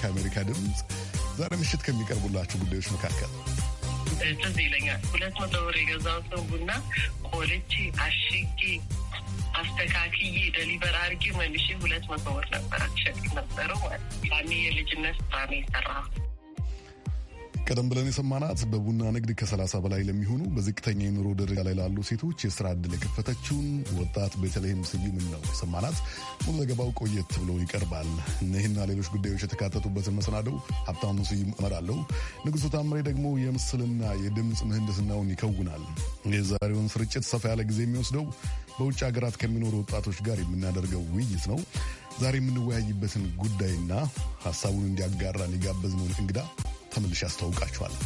ከአሜሪካ ድምፅ ዛሬ ምሽት ከሚቀርቡላቸው ጉዳዮች መካከል ትዝ ይለኛል ሁለት መቶ ብር ሰው ቡና ቆልቼ አሽጌ አስተካክዬ ደሊቨር አድርጌ መልሼ ሁለት መቶ ብር ነበር አትሸጥ ነበረው ማለት ያኔ የልጅነት ባሜ ሰራ ቀደም ብለን የሰማናት በቡና ንግድ ከ30 በላይ ለሚሆኑ በዝቅተኛ የኑሮ ደረጃ ላይ ላሉ ሴቶች የስራ ዕድል የከፈተችውን ወጣት በተለይም ስዩምን ነው የሰማናት። ሙሉ ዘገባው ቆየት ብሎ ይቀርባል። እነዚህና ሌሎች ጉዳዮች የተካተቱበትን መሰናደው ሀብታሙ ስዩም እመራለሁ። ንጉሱ ታምሬ ደግሞ የምስልና የድምፅ ምህንድስናውን ይከውናል። የዛሬውን ስርጭት ሰፋ ያለ ጊዜ የሚወስደው በውጭ ሀገራት ከሚኖሩ ወጣቶች ጋር የምናደርገው ውይይት ነው። ዛሬ የምንወያይበትን ጉዳይና ሀሳቡን እንዲያጋራን የጋበዝነውን እንግዳ ተመልሼ አስተዋውቃችኋለሁ።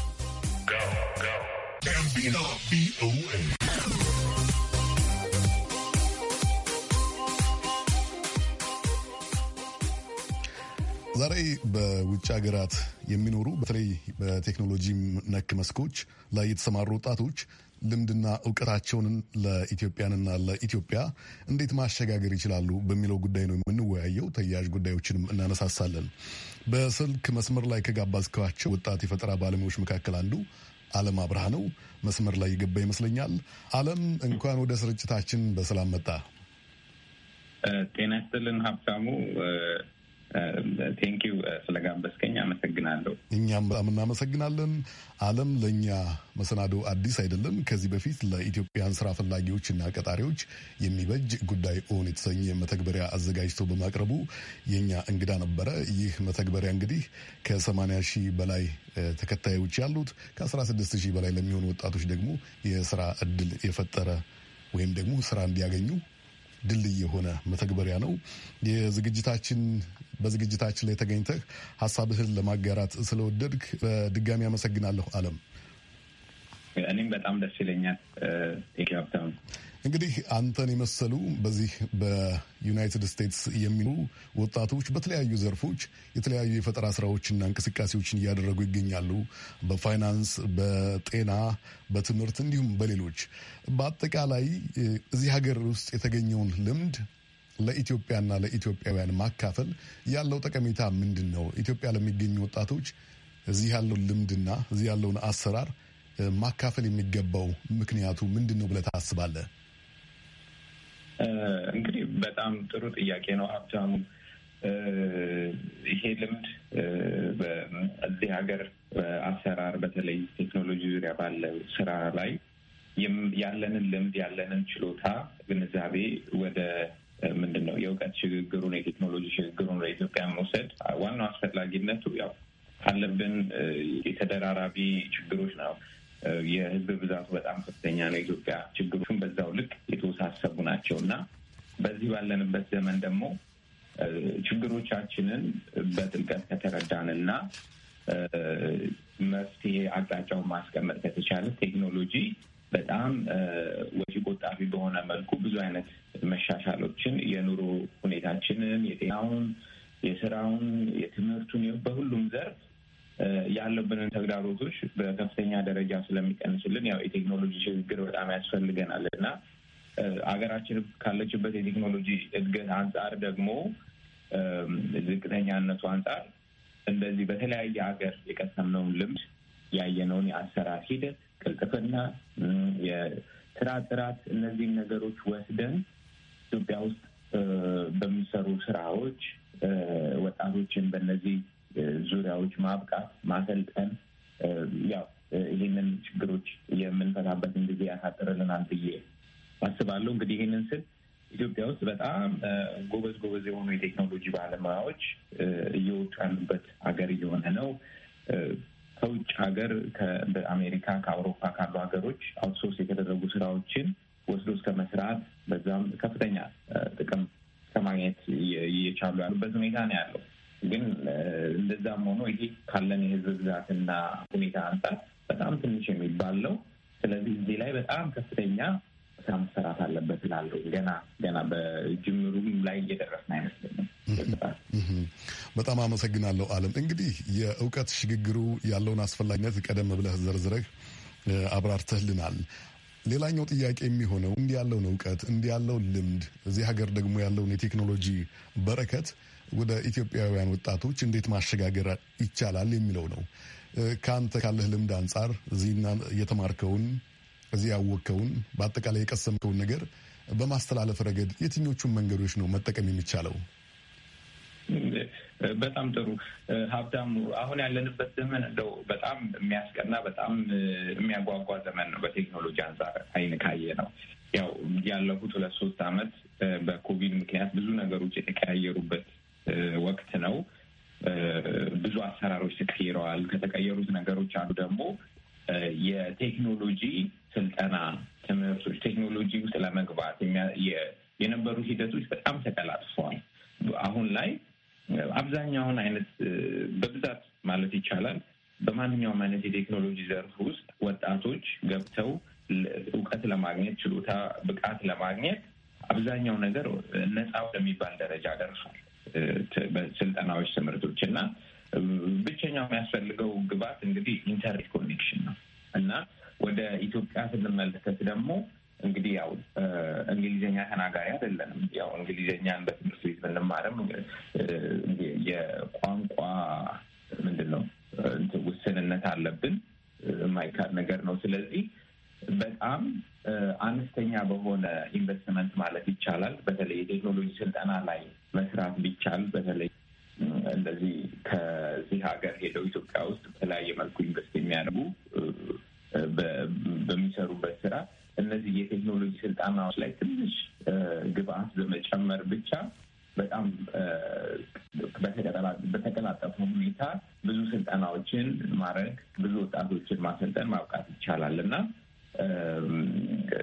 ዛሬ በውጭ ሀገራት የሚኖሩ በተለይ በቴክኖሎጂ ነክ መስኮች ላይ የተሰማሩ ወጣቶች ልምድና እውቀታቸውን ለኢትዮጵያንና ለኢትዮጵያ እንዴት ማሸጋገር ይችላሉ በሚለው ጉዳይ ነው የምንወያየው። ተያያዥ ጉዳዮችንም እናነሳሳለን። በስልክ መስመር ላይ ከጋባዝከቸው ወጣት የፈጠራ ባለሙያዎች መካከል አንዱ አለም አብርሃ ነው። መስመር ላይ የገባ ይመስለኛል። አለም እንኳን ወደ ስርጭታችን በሰላም መጣ። ጤና ይስጥልን ሀብታሙ። ቴንኪው ስለጋበዝከኝ አመሰግናለሁ። እኛም በጣም እናመሰግናለን። አለም ለእኛ መሰናዶ አዲስ አይደለም። ከዚህ በፊት ለኢትዮጵያን ስራ ፈላጊዎችና ቀጣሪዎች የሚበጅ ጉዳይ ኦን የተሰኘ መተግበሪያ አዘጋጅቶ በማቅረቡ የእኛ እንግዳ ነበረ። ይህ መተግበሪያ እንግዲህ ከ80 ሺህ በላይ ተከታዮች ያሉት ከ16 ሺህ በላይ ለሚሆኑ ወጣቶች ደግሞ የስራ እድል የፈጠረ ወይም ደግሞ ስራ እንዲያገኙ ድልድይ የሆነ መተግበሪያ ነው። የዝግጅታችን በዝግጅታችን ላይ ተገኝተህ ሀሳብህን ለማጋራት ስለወደድክ በድጋሚ አመሰግናለሁ አለም። እኔም በጣም ደስ ይለኛል። እንግዲህ አንተን የመሰሉ በዚህ በዩናይትድ ስቴትስ የሚኖሩ ወጣቶች በተለያዩ ዘርፎች የተለያዩ የፈጠራ ስራዎችና እንቅስቃሴዎችን እያደረጉ ይገኛሉ። በፋይናንስ፣ በጤና፣ በትምህርት እንዲሁም በሌሎች በአጠቃላይ እዚህ ሀገር ውስጥ የተገኘውን ልምድ ለኢትዮጵያና ለኢትዮጵያውያን ማካፈል ያለው ጠቀሜታ ምንድን ነው? ኢትዮጵያ ለሚገኙ ወጣቶች እዚህ ያለውን ልምድና እዚህ ያለውን አሰራር ማካፈል የሚገባው ምክንያቱ ምንድን ነው ብለህ ታስባለህ? እንግዲህ በጣም ጥሩ ጥያቄ ነው ሀብታሙ። ይሄ ልምድ በዚህ ሀገር አሰራር በተለይ ቴክኖሎጂ ዙሪያ ባለው ስራ ላይ ያለንን ልምድ ያለንን ችሎታ ግንዛቤ ወደ ምንድን ነው የእውቀት ሽግግሩን የቴክኖሎጂ ሽግግሩን ወደ ኢትዮጵያ መውሰድ ዋናው አስፈላጊነቱ ያው ካለብን የተደራራቢ ችግሮች ነው የህዝብ ብዛቱ በጣም ከፍተኛ ነው። ኢትዮጵያ ችግሮቹን በዛው ልክ የተወሳሰቡ ናቸው እና በዚህ ባለንበት ዘመን ደግሞ ችግሮቻችንን በጥልቀት ከተረዳንና መፍትሄ አቅጣጫውን ማስቀመጥ ከተቻለ ቴክኖሎጂ በጣም ወጪ ቆጣቢ በሆነ መልኩ ብዙ አይነት መሻሻሎችን የኑሮ ሁኔታችንን፣ የጤናውን፣ የስራውን፣ የትምህርቱን በሁሉም ዘርፍ ያለብንን ተግዳሮቶች በከፍተኛ ደረጃ ስለሚቀንስልን ያው የቴክኖሎጂ ሽግግር በጣም ያስፈልገናል እና አገራችን ካለችበት የቴክኖሎጂ እድገት አንጻር ደግሞ ዝቅተኛነቱ አንጻር እንደዚህ በተለያየ ሀገር የቀሰምነውን ልምድ ያየነውን የአሰራር ሂደት ቅልጥፍና፣ የስራ ጥራት እነዚህን ነገሮች ወስደን ኢትዮጵያ ውስጥ በሚሰሩ ስራዎች ወጣቶችን በነዚህ ዙሪያዎች ማብቃት፣ ማሰልጠን ያው ይህንን ችግሮች የምንፈታበትን ጊዜ ያሳጥርልናል ብዬ አስባለሁ። እንግዲህ ይህንን ስል ኢትዮጵያ ውስጥ በጣም ጎበዝ ጎበዝ የሆኑ የቴክኖሎጂ ባለሙያዎች እየወጡ ያሉበት ሀገር እየሆነ ነው። ከውጭ ሀገር በአሜሪካ ከአውሮፓ ካሉ ሀገሮች አውትሶርስ የተደረጉ ስራዎችን ወስዶ እስከ መስራት በዛም ከፍተኛ ጥቅም ከማግኘት እየቻሉ ያሉበት ሁኔታ ነው ያለው። ግን እንደዛም ሆኖ ይሄ ካለን የህዝብ ብዛትና ሁኔታ አንጻር በጣም ትንሽ የሚባል ነው። ስለዚህ እዚህ ላይ በጣም ከፍተኛ ስራ መሰራት አለበት እላለሁ። ገና ገና በጅምሩም ላይ እየደረስን አይመስለኝም። በጣም አመሰግናለሁ አለም። እንግዲህ የእውቀት ሽግግሩ ያለውን አስፈላጊነት ቀደም ብለህ ዘርዝረህ አብራርተህልናል። ሌላኛው ጥያቄ የሚሆነው እንዲህ ያለውን እውቀት እንዲህ ያለውን ልምድ እዚህ ሀገር ደግሞ ያለውን የቴክኖሎጂ በረከት ወደ ኢትዮጵያውያን ወጣቶች እንዴት ማሸጋገር ይቻላል የሚለው ነው። ከአንተ ካለህ ልምድ አንጻር እዚህና የተማርከውን እዚህ ያወቅከውን በአጠቃላይ የቀሰምከውን ነገር በማስተላለፍ ረገድ የትኞቹን መንገዶች ነው መጠቀም የሚቻለው? በጣም ጥሩ ሀብታሙ። አሁን ያለንበት ዘመን እንደው በጣም የሚያስቀና በጣም የሚያጓጓ ዘመን ነው። በቴክኖሎጂ አንጻር አይን ካየ ነው ያው ያለፉት ሁለት ሶስት አመት በኮቪድ ምክንያት ብዙ ነገሮች የተቀያየሩበት ወቅት ነው። ብዙ አሰራሮች ተቀይረዋል። ከተቀየሩት ነገሮች አንዱ ደግሞ የቴክኖሎጂ ስልጠና ትምህርቶች፣ ቴክኖሎጂ ውስጥ ለመግባት የነበሩ ሂደቶች በጣም ተቀላጥፈዋል። አሁን ላይ አብዛኛውን አይነት በብዛት ማለት ይቻላል በማንኛውም አይነት የቴክኖሎጂ ዘርፍ ውስጥ ወጣቶች ገብተው እውቀት ለማግኘት ችሎታ፣ ብቃት ለማግኘት አብዛኛው ነገር ነፃ ወደሚባል ደረጃ ደርሷል። ስልጠናዎች፣ ትምህርቶች እና ብቸኛው የሚያስፈልገው ግብዓት እንግዲህ ኢንተርኔት ኮኔክሽን ነው እና ወደ ኢትዮጵያ ስንመለከት ደግሞ እንግዲህ ያው እንግሊዝኛ ተናጋሪ አይደለንም። ያው እንግሊዝኛን በትምህርት ቤት ብንማርም የቋንቋ ምንድን ነው ውስንነት አለብን፣ የማይካድ ነገር ነው። ስለዚህ በጣም አነስተኛ በሆነ ኢንቨስትመንት ማለት ይቻላል በተለይ የቴክኖሎጂ ስልጠና ላይ መስራት ቢቻል በተለይ እንደዚህ ከዚህ ሀገር ሄደው ኢትዮጵያ ውስጥ በተለያየ መልኩ ኢንቨስት የሚያደርጉ በሚሰሩበት ስራ እነዚህ የቴክኖሎጂ ስልጠናዎች ላይ ትንሽ ግብአት በመጨመር ብቻ በጣም በተቀላጠፈ ሁኔታ ብዙ ስልጠናዎችን ማድረግ ብዙ ወጣቶችን ማሰልጠን ማብቃት ይቻላል እና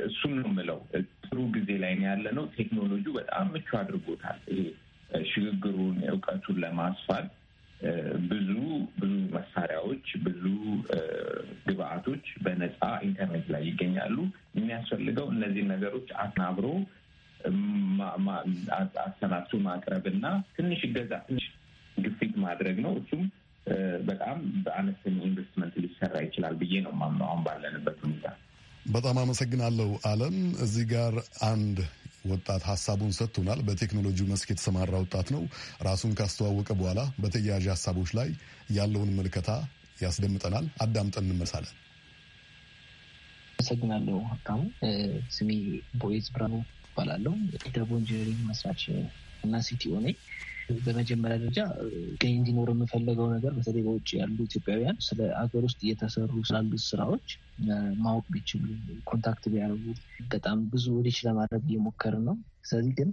እሱም ነው የምለው። ጥሩ ጊዜ ላይ ነው ያለ ነው። ቴክኖሎጂው በጣም ምቹ አድርጎታል። ይሄ ሽግግሩን እውቀቱን ለማስፋት ብዙ ብዙ መሳሪያዎች፣ ብዙ ግብአቶች በነፃ ኢንተርኔት ላይ ይገኛሉ። የሚያስፈልገው እነዚህ ነገሮች አናብሮ አሰናብቶ ማቅረብ እና ትንሽ እገዛ፣ ትንሽ ግፊት ማድረግ ነው። እሱም በጣም በአነስተኛ ኢንቨስትመንት ሊሰራ ይችላል ብዬ ነው ማምነው አሁን ባለንበት ሁኔታ በጣም አመሰግናለሁ አለም። እዚህ ጋር አንድ ወጣት ሀሳቡን ሰጥቶናል። በቴክኖሎጂው መስክ የተሰማራ ወጣት ነው። ራሱን ካስተዋወቀ በኋላ በተያያዥ ሀሳቦች ላይ ያለውን ምልከታ ያስደምጠናል። አዳምጠን እንመሳለን። አመሰግናለሁ ሀብታሙ። ስሜ ቦይዝ ብራኑ እባላለሁ። ደቦ ኢንጂነሪንግ መስራች እና ሲቲኦ ነኝ። በመጀመሪያ ደረጃ ገኝ እንዲኖር የምፈለገው ነገር በተለይ በውጭ ያሉ ኢትዮጵያውያን ስለ ሀገር ውስጥ እየተሰሩ ስላሉት ስራዎች ማወቅ ቢችሉ ኮንታክት ቢያደርጉ በጣም ብዙ ሪች ለማድረግ እየሞከርን ነው። ስለዚህ ግን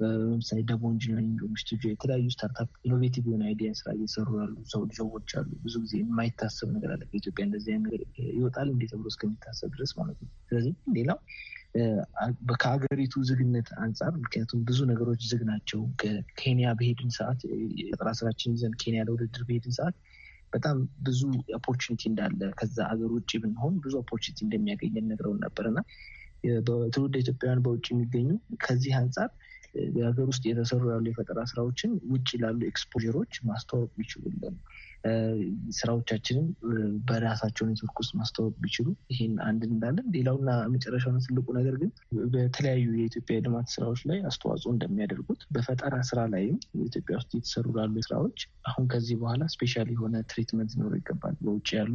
ለምሳሌ ደቦ ኢንጂነሪንግ ስቱዲዮ የተለያዩ ስታርታፕ ኢኖቬቲቭ የሆነ አይዲያ ስራ እየሰሩ ያሉ ሰው ልጆች አሉ። ብዙ ጊዜ የማይታሰብ ነገር አለ በኢትዮጵያ እንደዚህ ነገር ይወጣል እንዴ ተብሎ እስከሚታሰብ ድረስ ማለት ነው። ስለዚህ ሌላው ከሀገሪቱ ዝግነት አንጻር ምክንያቱም ብዙ ነገሮች ዝግ ናቸው። ከኬንያ በሄድን ሰዓት የፈጠራ ስራችን ይዘን ኬንያ ለውድድር በሄድን ሰዓት በጣም ብዙ ኦፖርቹኒቲ እንዳለ ከዛ ሀገር ውጭ ብንሆን ብዙ ኦፖርቹኒቲ እንደሚያገኝ ነግረውን ነበር እና ኢትዮጵያውያን በውጭ የሚገኙ ከዚህ አንጻር የሀገር ውስጥ የተሰሩ ያሉ የፈጠራ ስራዎችን ውጭ ላሉ ኤክስፖሮች ማስተዋወቅ ይችሉልን ስራዎቻችንም በራሳቸው ኔትወርክ ውስጥ ማስተዋወቅ ቢችሉ ይህን አንድ እንዳለን። ሌላውና መጨረሻውን ትልቁ ነገር ግን በተለያዩ የኢትዮጵያ የልማት ስራዎች ላይ አስተዋጽኦ እንደሚያደርጉት በፈጠራ ስራ ላይም ኢትዮጵያ ውስጥ የተሰሩ ላሉ ስራዎች አሁን ከዚህ በኋላ ስፔሻል የሆነ ትሪትመንት ሊኖረው ይገባል። በውጭ ያሉ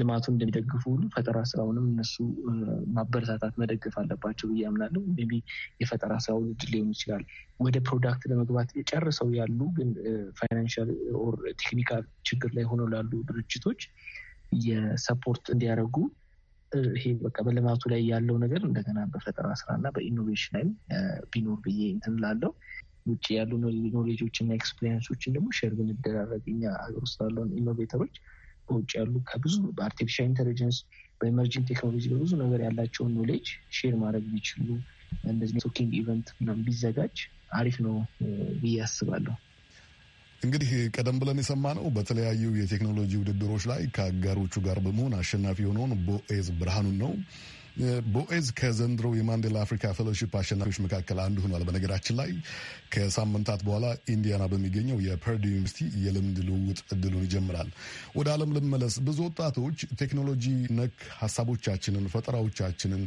ልማቱን እንደሚደግፉ ሁሉ ፈጠራ ስራውንም እነሱ ማበረታታት መደገፍ አለባቸው ብዬ አምናለሁ። ቢ የፈጠራ ስራ ውድድር ሊሆን ይችላል። ወደ ፕሮዳክት ለመግባት የጨርሰው ያሉ ግን ፋይናንሻል ኦር ቴክኒካል ችግር ላይ ሆነው ላሉ ድርጅቶች የሰፖርት እንዲያደርጉ ይሄ በቃ በልማቱ ላይ ያለው ነገር እንደገና በፈጠራ ስራና በኢኖቬሽን ላይ ቢኖር ብዬ እንትን ላለው ውጭ ያሉ ኖሌጆች እና ኤክስፔሪንሶችን ደግሞ ሸር ብንደራረግ እኛ ሀገር ውስጥ ያለውን ኢኖቬተሮች ከውጭ ያሉ ከብዙ በአርቲፊሻል ኢንቴሊጀንስ በኢመርጂንግ ቴክኖሎጂ በብዙ ነገር ያላቸውን ኖሌጅ ሼር ማድረግ ቢችሉ እንደዚህ ቶኪንግ ኢቨንት ምናምን ቢዘጋጅ አሪፍ ነው ብዬ አስባለሁ። እንግዲህ ቀደም ብለን የሰማነው በተለያዩ የቴክኖሎጂ ውድድሮች ላይ ከአጋሮቹ ጋር በመሆን አሸናፊ የሆነውን ቦኤዝ ብርሃኑን ነው። ቦኤዝ ከዘንድሮ የማንዴላ አፍሪካ ፌሎሺፕ አሸናፊዎች መካከል አንዱ ሆኗል። በነገራችን ላይ ከሳምንታት በኋላ ኢንዲያና በሚገኘው የፐርድ ዩኒቨርሲቲ የልምድ ልውውጥ እድሉን ይጀምራል። ወደ ዓለም ልመለስ። ብዙ ወጣቶች ቴክኖሎጂ ነክ ሀሳቦቻችንን፣ ፈጠራዎቻችንን፣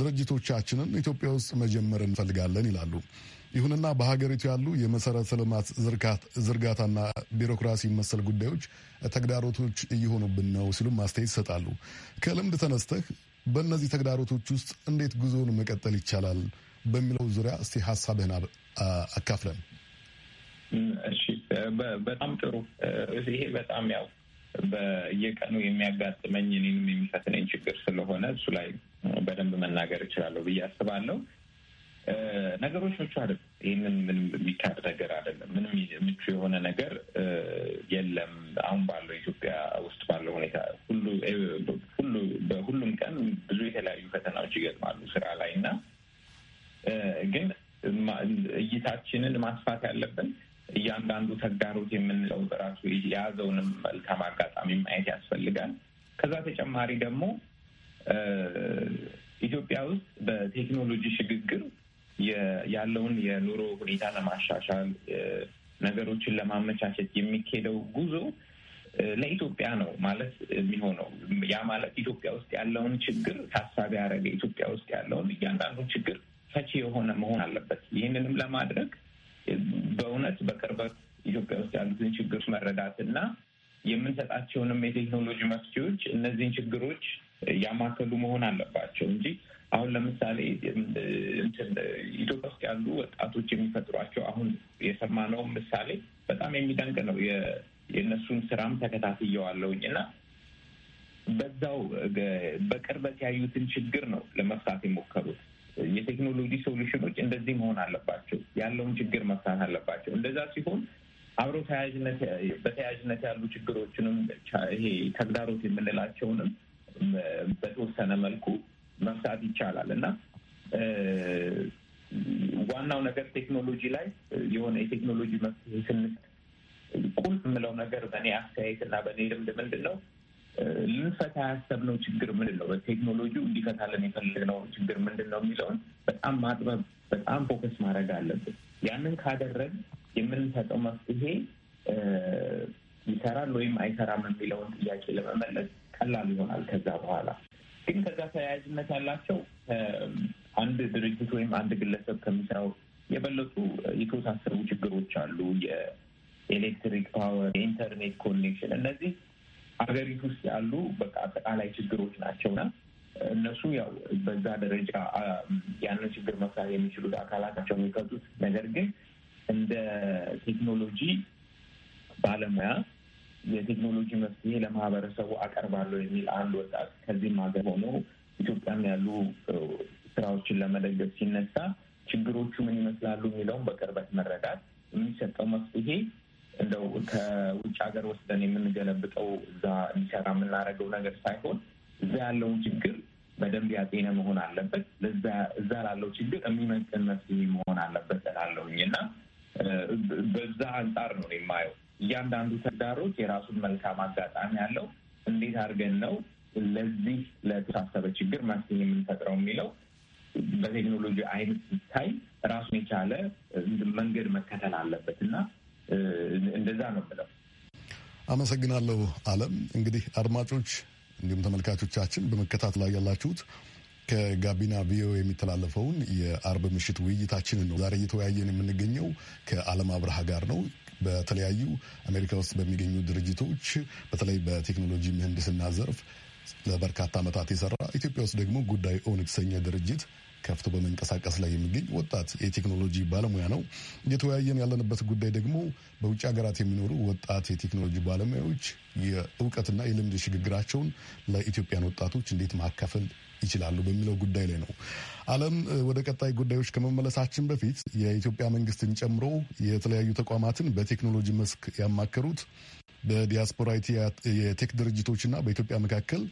ድርጅቶቻችንን ኢትዮጵያ ውስጥ መጀመር እንፈልጋለን ይላሉ። ይሁንና በሀገሪቱ ያሉ የመሰረተ ልማት ዝርጋታና ቢሮክራሲ መሰል ጉዳዮች ተግዳሮቶች እየሆኑብን ነው ሲሉም አስተያየት ይሰጣሉ። ከልምድ ተነስተህ በእነዚህ ተግዳሮቶች ውስጥ እንዴት ጉዞውን መቀጠል ይቻላል በሚለው ዙሪያ እስቲ ሀሳብህን አካፍለን። እሺ፣ በጣም ጥሩ። ይሄ በጣም ያው በየቀኑ የሚያጋጥመኝ እኔንም የሚፈትነኝ ችግር ስለሆነ እሱ ላይ በደንብ መናገር እችላለሁ ብዬ አስባለሁ። ነገሮች ምቹ አይደለም። ይህንን ምንም የሚካድ ነገር አይደለም። ምንም ምቹ የሆነ ነገር የለም። አሁን ባለው ኢትዮጵያ ውስጥ ባለው ሁኔታ ሁሉ ሁሉ በሁሉም ቀን ብዙ የተለያዩ ፈተናዎች ይገጥማሉ ስራ ላይ እና ግን እይታችንን ማስፋት ያለብን እያንዳንዱ ተግዳሮት የምንለው በራሱ የያዘውንም መልካም አጋጣሚ ማየት ያስፈልጋል። ከዛ ተጨማሪ ደግሞ ኢትዮጵያ ውስጥ በቴክኖሎጂ ሽግግር ያለውን የኑሮ ሁኔታ ለማሻሻል ነገሮችን ለማመቻቸት የሚካሄደው ጉዞ ለኢትዮጵያ ነው ማለት የሚሆነው። ያ ማለት ኢትዮጵያ ውስጥ ያለውን ችግር ታሳቢ ያደረገ ኢትዮጵያ ውስጥ ያለውን እያንዳንዱ ችግር ፈቺ የሆነ መሆን አለበት። ይህንንም ለማድረግ በእውነት በቅርበት ኢትዮጵያ ውስጥ ያሉትን ችግሮች መረዳት እና የምንሰጣቸውንም የቴክኖሎጂ መፍትሄዎች እነዚህን ችግሮች ያማከሉ መሆን አለባቸው እንጂ አሁን ለምሳሌ ኢትዮጵያ ውስጥ ያሉ ወጣቶች የሚፈጥሯቸው አሁን የሰማነውን ምሳሌ በጣም የሚደንቅ ነው። የእነሱን ስራም ተከታትየዋለሁኝ እና በዛው በቅርበት ያዩትን ችግር ነው ለመፍታት የሞከሩት። የቴክኖሎጂ ሶሉሽኖች እንደዚህ መሆን አለባቸው፣ ያለውን ችግር መፍታት አለባቸው። እንደዛ ሲሆን አብሮ ተያያዥነት በተያያዥነት ያሉ ችግሮችንም ይሄ ተግዳሮት የምንላቸውንም በተወሰነ መልኩ መፍታት ይቻላል እና ዋናው ነገር ቴክኖሎጂ ላይ የሆነ የቴክኖሎጂ መፍትሄ ስንል ቁልፍ የምለው ነገር በእኔ አስተያየት እና በእኔ ልምድ ምንድን ነው ልንፈታ ያሰብነው ችግር ምንድን ነው፣ በቴክኖሎጂው እንዲፈታልን የፈለግነው ችግር ምንድን ነው የሚለውን በጣም ማጥበብ፣ በጣም ፎከስ ማድረግ አለብን። ያንን ካደረግ የምንሰጠው መፍትሄ ይሰራል ወይም አይሰራም የሚለውን ጥያቄ ለመመለስ ቀላል ይሆናል ከዛ በኋላ ግን ከዛ ተያያዥነት ያላቸው አንድ ድርጅት ወይም አንድ ግለሰብ ከሚሰራው የበለጡ የተወሳሰቡ ችግሮች አሉ። የኤሌክትሪክ ፓወር፣ የኢንተርኔት ኮኔክሽን፣ እነዚህ ሀገሪቱ ውስጥ ያሉ በቃ አጠቃላይ ችግሮች ናቸውና እነሱ ያው በዛ ደረጃ ያንን ችግር መፍታት የሚችሉት አካላት ናቸው የሚቀጡት። ነገር ግን እንደ ቴክኖሎጂ ባለሙያ የቴክኖሎጂ መፍትሄ ለማህበረሰቡ አቀርባለሁ የሚል አንድ ወጣት ከዚህም ሀገር ሆኖ ኢትዮጵያም ያሉ ስራዎችን ለመደገፍ ሲነሳ ችግሮቹ ምን ይመስላሉ የሚለውን በቅርበት መረዳት የሚሰጠው መፍትሄ እንደው ከውጭ ሀገር ወስደን የምንገለብጠው እዛ እንዲሰራ የምናደርገው ነገር ሳይሆን እዛ ያለውን ችግር በደንብ ያጤነ መሆን አለበት። እዛ ላለው ችግር የሚመጥን መፍትሄ መሆን አለበት እላለሁኝ እና በዛ አንጻር ነው የማየው። እያንዳንዱ ተግዳሮት የራሱን መልካም አጋጣሚ አለው እንዴት አድርገን ነው ለዚህ ለተሳሰበ ችግር መፍትሄ የምንፈጥረው የሚለው በቴክኖሎጂ አይነት ሲታይ ራሱን የቻለ መንገድ መከተል አለበት እና እንደዛ ነው ብለው አመሰግናለሁ። አለም እንግዲህ አድማጮች እንዲሁም ተመልካቾቻችን በመከታተል ላይ ያላችሁት ከጋቢና ቪኦኤ የሚተላለፈውን የአርብ ምሽት ውይይታችንን ነው። ዛሬ እየተወያየን የምንገኘው ከአለም አብርሃ ጋር ነው። በተለያዩ አሜሪካ ውስጥ በሚገኙ ድርጅቶች በተለይ በቴክኖሎጂ ምህንድስና ዘርፍ ለበርካታ ዓመታት የሰራ ኢትዮጵያ ውስጥ ደግሞ ጉዳይ ኦን የተሰኘ ድርጅት ከፍቶ በመንቀሳቀስ ላይ የሚገኝ ወጣት የቴክኖሎጂ ባለሙያ ነው። እየተወያየን ያለንበት ጉዳይ ደግሞ በውጭ ሀገራት የሚኖሩ ወጣት የቴክኖሎጂ ባለሙያዎች የእውቀትና የልምድ ሽግግራቸውን ለኢትዮጵያን ወጣቶች እንዴት ማካፈል ይችላሉ በሚለው ጉዳይ ላይ ነው። አለም ወደ ቀጣይ ጉዳዮች ከመመለሳችን በፊት የኢትዮጵያ መንግስትን ጨምሮ የተለያዩ ተቋማትን በቴክኖሎጂ መስክ ያማከሩት በዲያስፖራ የቴክ ድርጅቶችና በኢትዮጵያ መካከል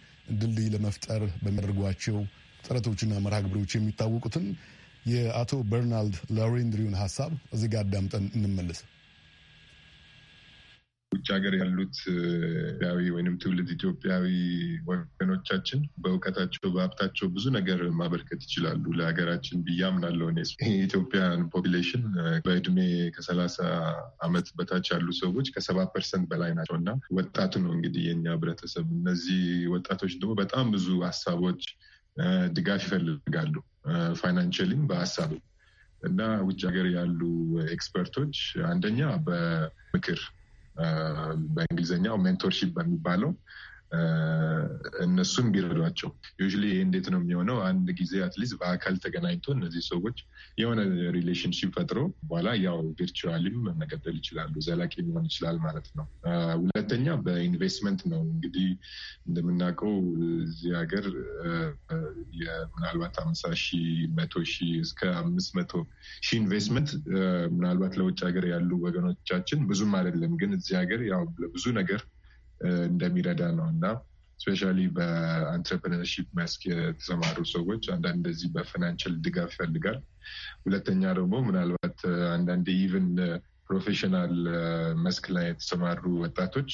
ድልድይ ለመፍጠር በሚያደርጓቸው ጥረቶችና መርሃ ግብሮች የሚታወቁትን የአቶ በርናልድ ላሬንድሪውን ሀሳብ እዚህ ጋር አዳምጠን እንመልስ። ውጭ ሀገር ያሉት ኢትዮጵያዊ ወይም ትውልድ ኢትዮጵያዊ ወገኖቻችን በእውቀታቸው በሀብታቸው ብዙ ነገር ማበርከት ይችላሉ ለሀገራችን ብያምናለው። አምናለሁ። እኔ የኢትዮጵያን ፖፕሌሽን በእድሜ ከሰላሳ አመት በታች ያሉ ሰዎች ከሰባ ፐርሰንት በላይ ናቸው እና ወጣቱ ነው እንግዲህ የኛ ህብረተሰብ። እነዚህ ወጣቶች ደግሞ በጣም ብዙ ሀሳቦች ድጋፍ ይፈልጋሉ ፋይናንሽሊም በሀሳብ እና ውጭ ሀገር ያሉ ኤክስፐርቶች አንደኛ በምክር በእንግሊዝኛው ሜንቶርሺፕ በሚባለው እነሱም ቢረዷቸው ዩዥ ይሄ እንዴት ነው የሚሆነው? አንድ ጊዜ አትሊስት በአካል ተገናኝቶ እነዚህ ሰዎች የሆነ ሪሌሽንሽፕ ፈጥሮ በኋላ ያው ቪርቹዋሊም መቀጠል ይችላሉ። ዘላቂ ሊሆን ይችላል ማለት ነው። ሁለተኛ በኢንቨስትመንት ነው እንግዲህ እንደምናውቀው እዚህ ሀገር ምናልባት አምሳ ሺ መቶ ሺ እስከ አምስት መቶ ሺህ ኢንቨስትመንት ምናልባት ለውጭ ሀገር ያሉ ወገኖቻችን ብዙም አይደለም፣ ግን እዚህ ሀገር ያው ለብዙ ነገር እንደሚረዳ ነው እና ስፔሻሊ በአንትረፕረነርሺፕ መስክ የተሰማሩ ሰዎች አንዳንድ እንደዚህ በፋይናንሽል ድጋፍ ይፈልጋል። ሁለተኛ ደግሞ ምናልባት አንዳንድ ኢቨን ፕሮፌሽናል መስክ ላይ የተሰማሩ ወጣቶች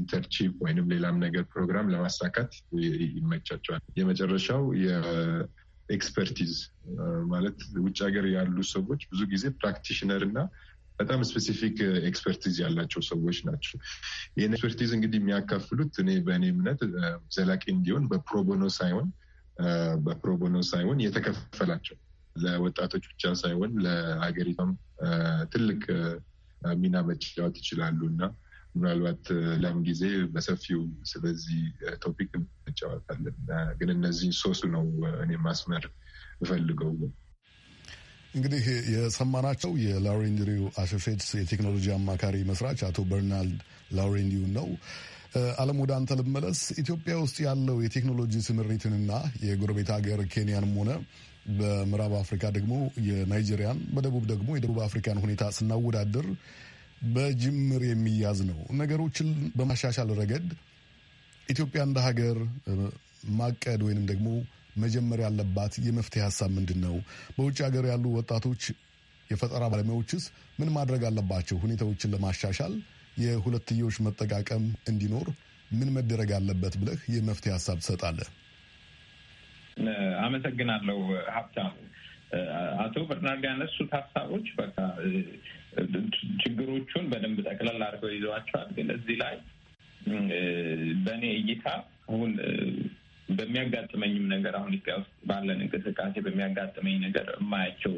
ኢንተርንሺፕ ወይንም ሌላም ነገር ፕሮግራም ለማሳካት ይመቻቸዋል። የመጨረሻው የኤክስፐርቲዝ ማለት ውጭ ሀገር ያሉ ሰዎች ብዙ ጊዜ ፕራክቲሽነር እና በጣም ስፔሲፊክ ኤክስፐርቲዝ uh, ያላቸው ሰዎች ናቸው። ይህን ኤክስፐርቲዝ እንግዲህ የሚያካፍሉት እኔ በእኔ እምነት uh, ዘላቂ እንዲሆን በፕሮቦኖ ሳይሆን uh, በፕሮቦኖ ሳይሆን የተከፈላቸው ለወጣቶች ብቻ ሳይሆን ለሀገሪቷም ትልቅ ሚና መጫወት ይችላሉ እና ምናልባት ለም ጊዜ በሰፊው ስለዚህ ቶፒክ እንጫወታለን። ግን እነዚህ ሶስቱ ነው እኔ ማስመር እፈልገው። እንግዲህ የሰማናቸው የላውሬንድሪው አሸፌትስ የቴክኖሎጂ አማካሪ መስራች አቶ በርናልድ ላውሬንዲውን ነው። አለም ወደ አንተ ልመለስ። ኢትዮጵያ ውስጥ ያለው የቴክኖሎጂ ስምሪትንና የጎረቤት ሀገር ኬንያንም ሆነ በምዕራብ አፍሪካ ደግሞ የናይጄሪያን፣ በደቡብ ደግሞ የደቡብ አፍሪካን ሁኔታ ስናወዳድር በጅምር የሚያዝ ነው። ነገሮችን በማሻሻል ረገድ ኢትዮጵያ እንደ ሀገር ማቀድ ወይንም ደግሞ መጀመር ያለባት የመፍትሄ ሀሳብ ምንድን ነው? በውጭ ሀገር ያሉ ወጣቶች የፈጠራ ባለሙያዎችስ ምን ማድረግ አለባቸው? ሁኔታዎችን ለማሻሻል የሁለትዮሽ መጠቃቀም እንዲኖር ምን መደረግ አለበት ብለህ የመፍትሄ ሀሳብ ትሰጣለህ? አመሰግናለሁ ሀብታሙ። አቶ በርናርድ ያነሱት ሀሳቦች በቃ ችግሮቹን በደንብ ጠቅለል አድርገው ይዘዋቸዋል። ግን እዚህ ላይ በእኔ እይታ አሁን በሚያጋጥመኝም ነገር አሁን ኢትዮጵያ ውስጥ ባለን እንቅስቃሴ በሚያጋጥመኝ ነገር የማያቸው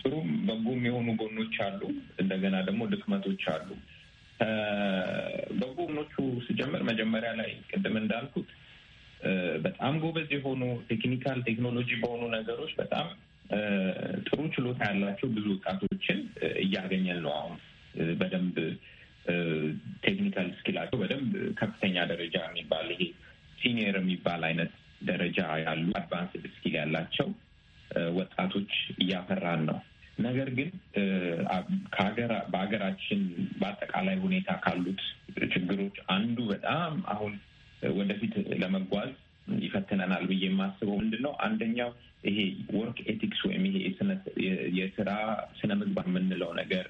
ጥሩም በጎም የሆኑ ጎኖች አሉ፣ እንደገና ደግሞ ድክመቶች አሉ። በጎኖቹ ስጀምር መጀመሪያ ላይ ቅድም እንዳልኩት በጣም ጎበዝ የሆኑ ቴክኒካል ቴክኖሎጂ በሆኑ ነገሮች በጣም ጥሩ ችሎታ ያላቸው ብዙ ወጣቶችን እያገኘን ነው። አሁን በደንብ ቴክኒካል ስኪላቸው በደንብ ከፍተኛ ደረጃ የሚባል ይሄ ሲኒየር የሚባል አይነት ደረጃ ያሉ አድቫንስድ ስኪል ያላቸው ወጣቶች እያፈራን ነው። ነገር ግን በሀገራችን በአጠቃላይ ሁኔታ ካሉት ችግሮች አንዱ በጣም አሁን ወደፊት ለመጓዝ ይፈትነናል ብዬ የማስበው ምንድን ነው? አንደኛው ይሄ ወርክ ኤቲክስ ወይም ይሄ የስራ ስነ ምግባር የምንለው ነገር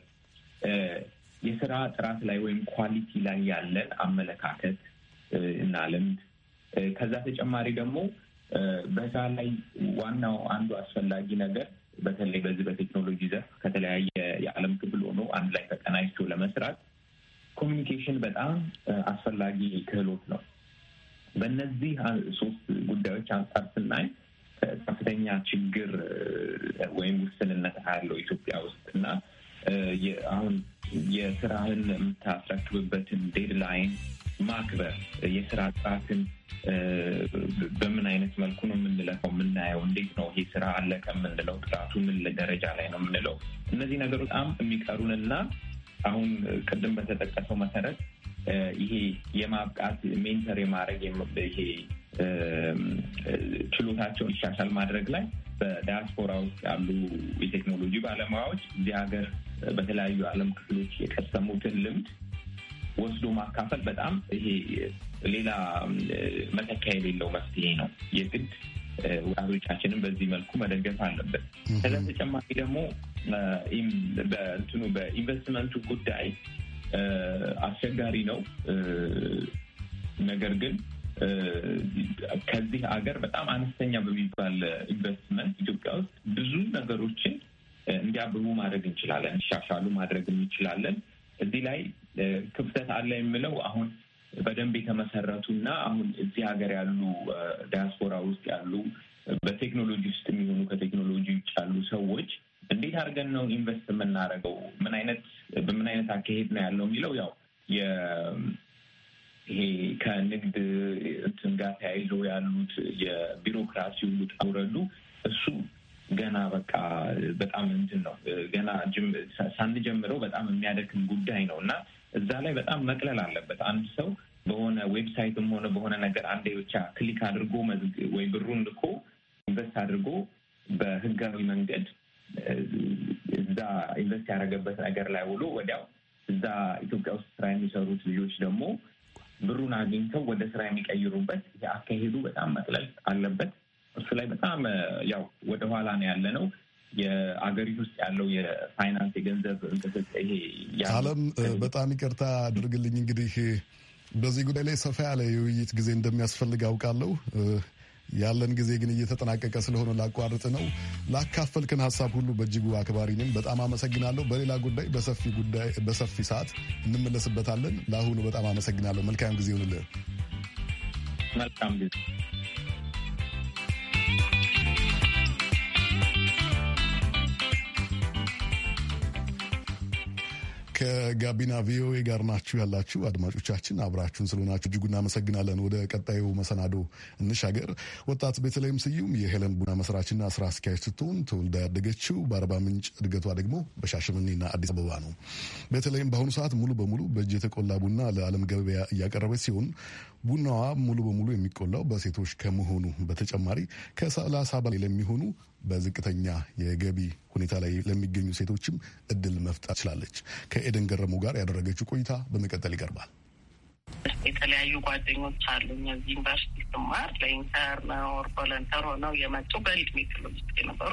የስራ ጥራት ላይ ወይም ኳሊቲ ላይ ያለን አመለካከት እና ልምድ ከዛ ተጨማሪ ደግሞ በዛ ላይ ዋናው አንዱ አስፈላጊ ነገር በተለይ በዚህ በቴክኖሎጂ ዘርፍ ከተለያየ የዓለም ክፍል ሆኖ አንድ ላይ ተቀናጅቶ ለመስራት ኮሚኒኬሽን በጣም አስፈላጊ ክህሎት ነው። በእነዚህ ሶስት ጉዳዮች አንጻር ስናይ ከፍተኛ ችግር ወይም ውስንነት ያለው ኢትዮጵያ ውስጥ እና አሁን የስራህን የምታስረክብበትን ዴድላይን ማክበር የስራ ጥራትን በምን አይነት መልኩ ነው የምንለፈው የምናየው? እንዴት ነው ይሄ ስራ አለቀ የምንለው? ጥራቱ ምን ደረጃ ላይ ነው የምንለው? እነዚህ ነገሮች በጣም የሚቀሩንና አሁን ቅድም በተጠቀሰው መሰረት ይሄ የማብቃት ሜንተር የማድረግ ይሄ ችሎታቸውን ይሻሻል ማድረግ ላይ በዳያስፖራ ውስጥ ያሉ የቴክኖሎጂ ባለሙያዎች እዚህ ሀገር በተለያዩ ዓለም ክፍሎች የቀሰሙትን ልምድ ወስዶ ማካፈል በጣም ይሄ ሌላ መተኪያ የሌለው መፍትሄ ነው። የግድ ወላጆቻችንን በዚህ መልኩ መደገፍ አለበት። ከዛ ተጨማሪ ደግሞ በእንትኑ በኢንቨስትመንቱ ጉዳይ አስቸጋሪ ነው። ነገር ግን ከዚህ አገር በጣም አነስተኛ በሚባል ኢንቨስትመንት ኢትዮጵያ ውስጥ ብዙ ነገሮችን እንዲያብቡ ማድረግ እንችላለን፣ እንዲሻሻሉ ማድረግ እንችላለን። እዚህ ላይ ክፍተት አለ የምለው አሁን በደንብ የተመሰረቱ እና አሁን እዚህ ሀገር ያሉ ዲያስፖራ ውስጥ ያሉ በቴክኖሎጂ ውስጥ የሚሆኑ ከቴክኖሎጂ ውጭ ያሉ ሰዎች እንዴት አድርገን ነው ኢንቨስት የምናደርገው? ምን አይነት በምን አይነት አካሄድ ነው ያለው የሚለው ያው ይሄ ከንግድ እንትን ጋር ተያይዞ ያሉት የቢሮክራሲ ውጣ ውረዱ እሱ ገና በቃ በጣም እንትን ነው ገና ሳንጀምረው በጣም የሚያደክም ጉዳይ ነው እና እዛ ላይ በጣም መቅለል አለበት። አንድ ሰው በሆነ ዌብሳይትም ሆነ በሆነ ነገር አንዴ ብቻ ክሊክ አድርጎ ወይ ብሩን ልኮ ኢንቨስት አድርጎ በህጋዊ መንገድ እዛ ኢንቨስት ያደረገበት ነገር ላይ ውሎ ወዲያው እዛ ኢትዮጵያ ውስጥ ስራ የሚሰሩት ልጆች ደግሞ ብሩን አግኝተው ወደ ስራ የሚቀይሩበት የአካሄዱ በጣም መቅለል አለበት። እሱ ላይ በጣም ያው ወደኋላ ነው ያለ ነው። የአገሪቱ ውስጥ ያለው የፋይናንስ የገንዘብ እንቅስቃሴ ይሄ አለም በጣም ይቅርታ አድርግልኝ። እንግዲህ በዚህ ጉዳይ ላይ ሰፋ ያለ የውይይት ጊዜ እንደሚያስፈልግ አውቃለሁ። ያለን ጊዜ ግን እየተጠናቀቀ ስለሆነ ላቋርጥ ነው። ላካፈልክን ሀሳብ ሁሉ በእጅጉ አክባሪ ነኝ። በጣም አመሰግናለሁ። በሌላ ጉዳይ በሰፊ ጉዳይ በሰፊ ሰዓት እንመለስበታለን። ለአሁኑ በጣም አመሰግናለሁ። መልካም ጊዜ ይሁንልህ። መልካም ጊዜ ከጋቢና ቪኦኤ ጋር ናችሁ ያላችሁ አድማጮቻችን፣ አብራችሁን ስለሆናችሁ እጅጉ እናመሰግናለን። ወደ ቀጣዩ መሰናዶ እንሻገር። ወጣት ቤተልሔም ስዩም የሄለን ቡና መስራችና ስራ አስኪያጅ ስትሆን ትውልዳ ያደገችው በአርባ ምንጭ፣ እድገቷ ደግሞ በሻሸመኔና አዲስ አበባ ነው። ቤተልሔም በአሁኑ ሰዓት ሙሉ በሙሉ በእጅ የተቆላ ቡና ለዓለም ገበያ እያቀረበች ሲሆን ቡናዋ ሙሉ በሙሉ የሚቆላው በሴቶች ከመሆኑ በተጨማሪ ከሰላሳ በላይ ለሚሆኑ በዝቅተኛ የገቢ ሁኔታ ላይ ለሚገኙ ሴቶችም እድል መፍጠር ችላለች። ከኤደን ገረሙ ጋር ያደረገችው ቆይታ በመቀጠል ይቀርባል። የተለያዩ ጓደኞች አሉ። እነዚህ ዩኒቨርሲቲ ስማር ለኢንተርን ኦር ቮለንተር ሆነው የመጡ በእድሜ ክልል ውስጥ የነበሩ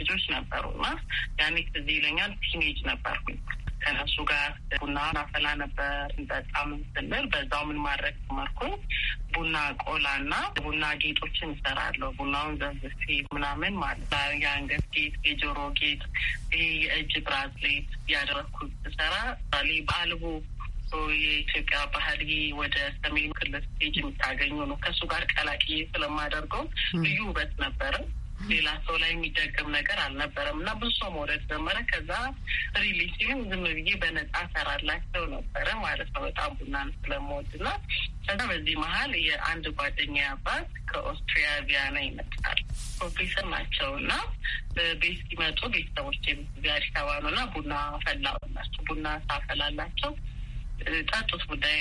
ልጆች ነበሩ እና ያኔ ትዝ ይለኛል ቲኔጅ ነበርኩኝ ከነሱ ጋር ቡና አፈላ ነበር። በጣም ስንል በዛው ምን ማድረግ መርኩ ቡና ቆላ እና ቡና ጌጦችን እሰራለሁ። ቡናውን ዘዝፊ ምናምን ማለት የአንገት ጌጥ፣ የጆሮ ጌጥ፣ የእጅ ብራዝሌት ያደረግኩት ስሰራ ሳሌ በአልቦ የኢትዮጵያ ባህል ወደ ሰሜኑ ክልል ስቴጅ የምታገኘው ነው። ከእሱ ጋር ቀላቅዬ ስለማደርገው ልዩ ውበት ነበረ። ሌላ ሰው ላይ የሚደገም ነገር አልነበረም እና ብዙ ሰው መውደድ ጀመረ። ከዛ ሪሊሲም ዝም ብዬ በነጻ ሰራላቸው ነበረ ማለት ነው። በጣም ቡናን ስለመወድ እና ከዛ በዚህ መሀል የአንድ ጓደኛ አባት ከኦስትሪያ ቪያና ይመጣል። ፕሮፌሰር ናቸው እና በቤት ሲመጡ ቤተሰቦች አዲስ አበባ ነው እና ቡና ፈላላቸው ቡና ሳፈላላቸው ጠጡት ጉዳይ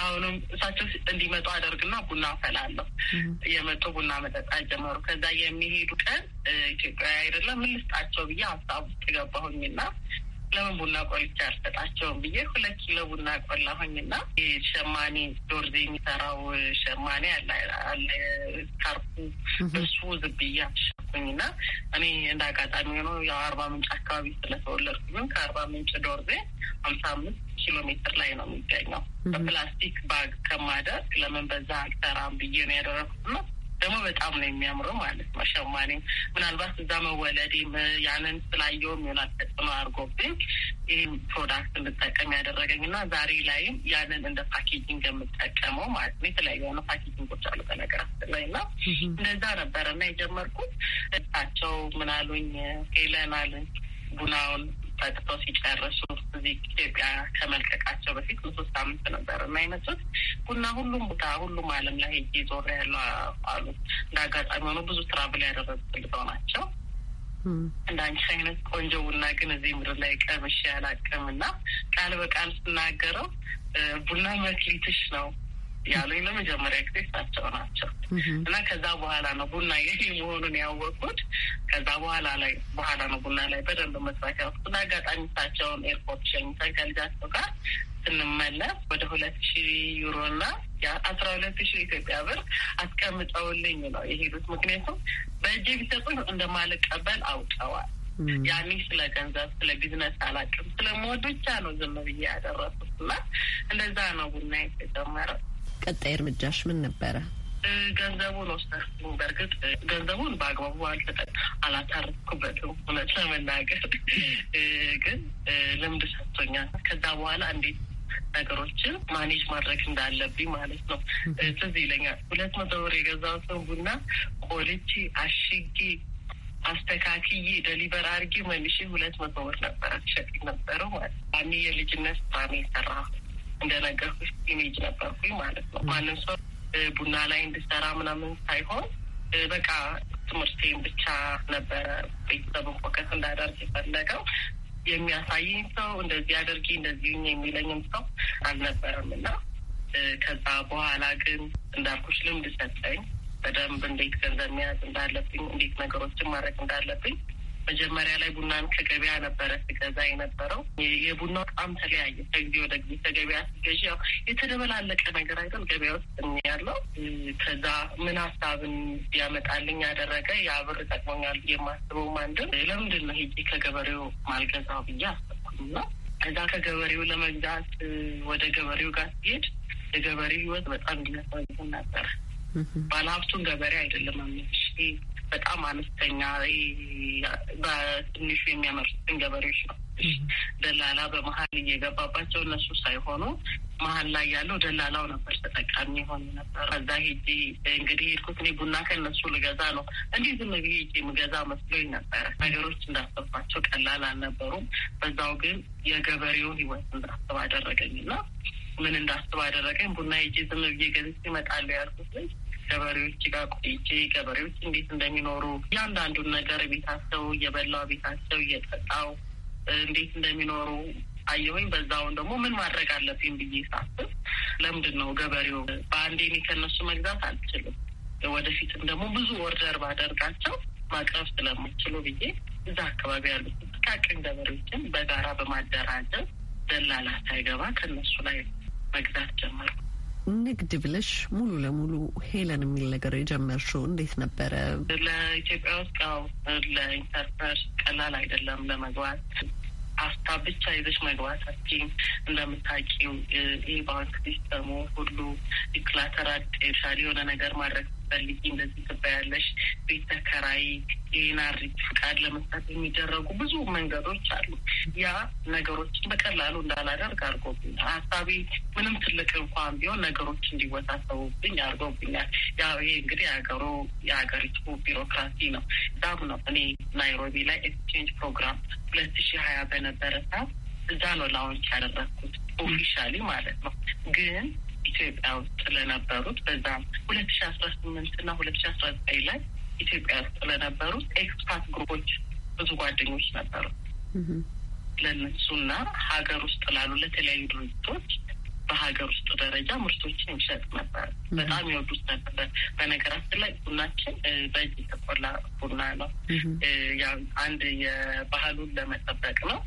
አሁንም እሳቸው እንዲመጡ አደርግና ቡና ፈላለሁ። እየመጡ ቡና መጠጣት ጀመሩ። ከዛ የሚሄዱ ቀን ኢትዮጵያ አይደለም ምን ልስጣቸው ብዬ ሀሳብ ውስጥ ገባሁኝና ለምን ቡና ቆልቼ አልሰጣቸውም ብዬ ሁለት ኪሎ ቡና ቆላሁኝና ሸማኔ ዶርዜ የሚሰራው ሸማኔ አለ ካርፑ እሱ ዝብያ ሸኩኝና እኔ እንደ አጋጣሚ ሆኖ ያው አርባ ምንጭ አካባቢ ስለተወለድኩኝ ከአርባ ምንጭ ዶርዜ ሀምሳ አምስት ኪሎ ሜትር ላይ ነው የሚገኘው። በፕላስቲክ ባግ ከማደርግ ለምን በዛ አልሰራም ብዬ ነው ነው ደግሞ በጣም ነው የሚያምረው ማለት ነው። ሸማኔም ምናልባት እዛ መወለዴም ያንን ስላየውም ይሆናል ተጽዕኖ አድርጎብኝ ይህም ፕሮዳክት እንድጠቀም ያደረገኝ እና ዛሬ ላይም ያንን እንደ ፓኬጂንግ የምጠቀመው ማለት ነው። የተለያዩ ሆነ ፓኬጂንጎች አሉ በነገራችን ላይ እና እንደዛ ነበረ እና የጀመርኩት እሳቸው ምናሉኝ ሄለን ቡናውን ፈቅተው ሲጨርሱ እዚህ ኢትዮጵያ ከመልቀቃቸው በፊት ለሶስት ሳምንት ነበር እና የመጡት ቡና ሁሉም ቦታ ሁሉም ዓለም ላይ ሄጅ ዞር ያለ አሉ። እንደ አጋጣሚ ሆኖ ብዙ ትራብል ያደረጉት ናቸው። እንደ አንቺ አይነት ቆንጆ ቡና ግን እዚህ ምድር ላይ ቀምሼ አላውቅም እና ቃል በቃል ስናገረው ቡና መክሊትሽ ነው ያሉኝ ለመጀመሪያ ጊዜ እሳቸው ናቸው እና ከዛ በኋላ ነው ቡና ይሄ መሆኑን ያወቁት። ከዛ በኋላ ላይ በኋላ ነው ቡና ላይ በደንብ መስራት ያወቁት እና አጋጣሚ እሳቸውን ኤርፖርት ሸኝተን ከልጃቸው ጋር ስንመለስ ወደ ሁለት ሺ ዩሮ እና አስራ ሁለት ሺ ኢትዮጵያ ብር አስቀምጠውልኝ ነው የሄዱት። ምክንያቱም በእጅ ቢሰጡኝ እንደማልቀበል አውቀዋል። ያኔ ስለ ገንዘብ ስለ ቢዝነስ አላውቅም። ስለ ሞድ ብቻ ነው ዝም ብዬ ያደረሱት እና እንደዛ ነው ቡና የተጀመረው። ቀጣይ እርምጃሽ ምን ነበረ? ገንዘቡን ነው በእርግጥ ገንዘቡን በአግባቡ አልተጠ- አላታርኩበትም እውነት ለመናገር ግን ልምድ ሰጥቶኛል። ከዛ በኋላ እንዴት ነገሮችን ማኔጅ ማድረግ እንዳለብኝ ማለት ነው ትዝ ይለኛል። ሁለት መቶ ብር ሰው ቡና ቆልቼ አሽጌ አስተካክዬ ደሊቨር አድርጌ መልሼ ሁለት መቶ ብር ነበረ ሸጥ ነበረው ማለት ያኔ የልጅነት ስራ ነው የሰራሁት እንደነገርኩሽ ቲኔጅ ነበርኩኝ ማለት ነው። ማንም ሰው ቡና ላይ እንድሰራ ምናምን ሳይሆን በቃ ትምህርቴን ብቻ ነበረ ቤተሰብን ፎከስ እንዳደርግ የፈለገው የሚያሳይኝ ሰው እንደዚህ አድርጊ እንደዚህ የሚለኝም ሰው አልነበረም እና ከዛ በኋላ ግን እንዳልኩሽ ልምድ ሰጠኝ። በደንብ እንዴት ገንዘብ መያዝ እንዳለብኝ፣ እንዴት ነገሮችን ማድረግ እንዳለብኝ መጀመሪያ ላይ ቡናን ከገበያ ነበረ ስገዛ የነበረው። የቡና በጣም ተለያየ ከጊዜ ወደ ጊዜ። ከገበያ ስገዢ ያው የተደበላለቀ ነገር አይደል ገበያ ውስጥ ያለው። ከዛ ምን ሀሳብን ያመጣልኝ ያደረገ ያ ብር ጠቅሞኛል የማስበው አንድም ለምንድን ነው ሄጄ ከገበሬው ማልገዛው ብዬ አሰብኩና ከዛ ከገበሬው ለመግዛት ወደ ገበሬው ጋር ሲሄድ የገበሬው ህይወት በጣም እንዲነሳ ነበር። ባለሀብቱን ገበሬ አይደለም አምሽ በጣም አነስተኛ በትንሹ የሚያመርቱትን ገበሬዎች ነው። ደላላ በመሀል እየገባባቸው እነሱ ሳይሆኑ መሀል ላይ ያለው ደላላው ነበር ተጠቃሚ የሆነ ነበር። ከዛ ሄጂ እንግዲህ ሄድኩት እኔ ቡና ከነሱ ልገዛ ነው። እንዲህ ዝም ብዬ ሄጂ ምገዛ መስሎኝ ነበረ። ነገሮች እንዳሰባቸው ቀላል አልነበሩም። በዛው ግን የገበሬውን ህይወት እንዳስብ አደረገኝ እና ምን እንዳስብ አደረገኝ ቡና ሄጂ ዝም ብዬ ገዝቼ እመጣለሁ ያልኩት ልጅ ገበሬዎች ጋር ቆይቼ ገበሬዎች እንዴት እንደሚኖሩ እያንዳንዱን ነገር ቤታቸው እየበላው ቤታቸው እየጠጣው እንዴት እንደሚኖሩ አየሁኝ። በዛውን ደግሞ ምን ማድረግ አለብኝ ብዬ ሳስብ ለምንድን ነው ገበሬው በአንዴ እኔ ከነሱ መግዛት አልችልም፣ ወደፊትም ደግሞ ብዙ ኦርደር ባደርጋቸው ማቅረብ ስለማይችሉ ብዬ እዛ አካባቢ ያሉት ጥቃቅን ገበሬዎችን በጋራ በማደራጀት ደላላ ሳይገባ ከነሱ ላይ መግዛት ጀመርኩ። ንግድ ብለሽ ሙሉ ለሙሉ ሄለን የሚል ነገር የጀመርሽው እንዴት ነበረ? ለኢትዮጵያ ውስጥ ያው ለኢንተርፕረነር ቀላል አይደለም ለመግባት አፍታ ብቻ ይዘሽ መግባታችን እንደምታውቂው ይህ ባንክ ሲስተሙ ሁሉ ይክላተራል። የሆነ ነገር ማድረግ ብትፈልጊ እንደዚህ ትባያለሽ፣ ቤት ተከራይ፣ የኤንአርኢቲ ፍቃድ ለመስጠት የሚደረጉ ብዙ መንገዶች አሉ። ያ ነገሮችን በቀላሉ እንዳላደርግ አድርጎብኛል። ሀሳቢ ምንም ትልቅ እንኳን ቢሆን ነገሮች እንዲወሳሰቡብኝ አድርጎብኛል። ያ ይሄ እንግዲህ የሀገሩ የሀገሪቱ ቢሮክራሲ ነው። እዛም ነው እኔ ናይሮቢ ላይ ኤክስቼንጅ ፕሮግራም ሁለት ሺ ሀያ በነበረ ሰዓት እዛ ነው ላውንች ያደረግኩት ኦፊሻሊ ማለት ነው ግን ኢትዮጵያ ውስጥ ለነበሩት በዛ ሁለት ሺ አስራ ስምንት እና ሁለት ሺ አስራ ዘጠኝ ላይ ኢትዮጵያ ውስጥ ለነበሩት ኤክስፓት ግሩፖች ብዙ ጓደኞች ነበሩ። ለነሱና ሀገር ውስጥ ላሉ ለተለያዩ ድርጅቶች በሀገር ውስጥ ደረጃ ምርቶችን ይሸጥ ነበር። በጣም ይወዱት ነበር። በነገራችን ላይ ቡናችን በእጅ የተቆላ ቡና ነው። አንድ የባህሉን ለመጠበቅ ነው።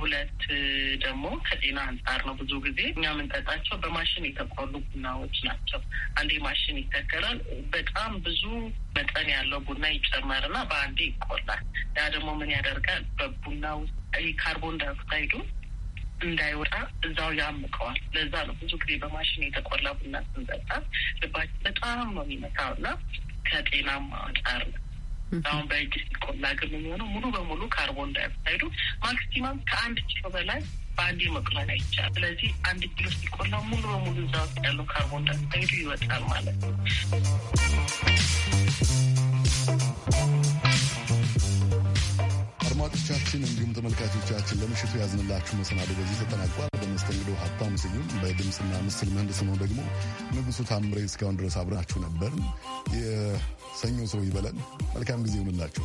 ሁለት ደግሞ ከጤና አንጻር ነው። ብዙ ጊዜ እኛ የምንጠጣቸው በማሽን የተቆሉ ቡናዎች ናቸው። አንዴ ማሽን ይተከላል። በጣም ብዙ መጠን ያለው ቡና ይጨመርና በአንዴ ይቆላል። ያ ደግሞ ምን ያደርጋል? በቡና ውስጥ ካርቦን ዳይኦክሳይዱ እንዳይወጣ እዛው ያምቀዋል። ለዛ ነው ብዙ ጊዜ በማሽን የተቆላ ቡና ስንጠጣ ልባችን በጣም ነው የሚመታው እና ከጤናማ አንጻር ነው አሁን በእጅ ሲቆላ ግን የሚሆነው ሙሉ በሙሉ ካርቦን ዳይኦክሳይዱ ማክሲማም ከአንድ ኪሎ በላይ በአንዴ መቁላል አይቻልም። ስለዚህ አንድ ኪሎ ሲቆላ ሙሉ በሙሉ እዛ ውስጥ ያለው ካርቦን ዳይኦክሳይዱ ይወጣል ማለት ነው። አድማጮቻችን እንዲሁም ተመልካቾቻችን ለምሽቱ ያዝንላችሁ መሰናዶ በዚህ ተጠናቋል። በመስተንግዶ ሀብታም ስዩም፣ በድምፅና ምስል ምህንድስ ነው ደግሞ ንጉሱ ታምሬ። እስካሁን ድረስ አብረናችሁ ነበር። የሰኞ ሰው ይበለን። መልካም ጊዜ ይሁንላችሁ።